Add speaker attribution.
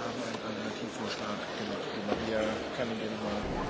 Speaker 1: haben einen Alternativvorschlag gemacht.
Speaker 2: Maria kann ihn mal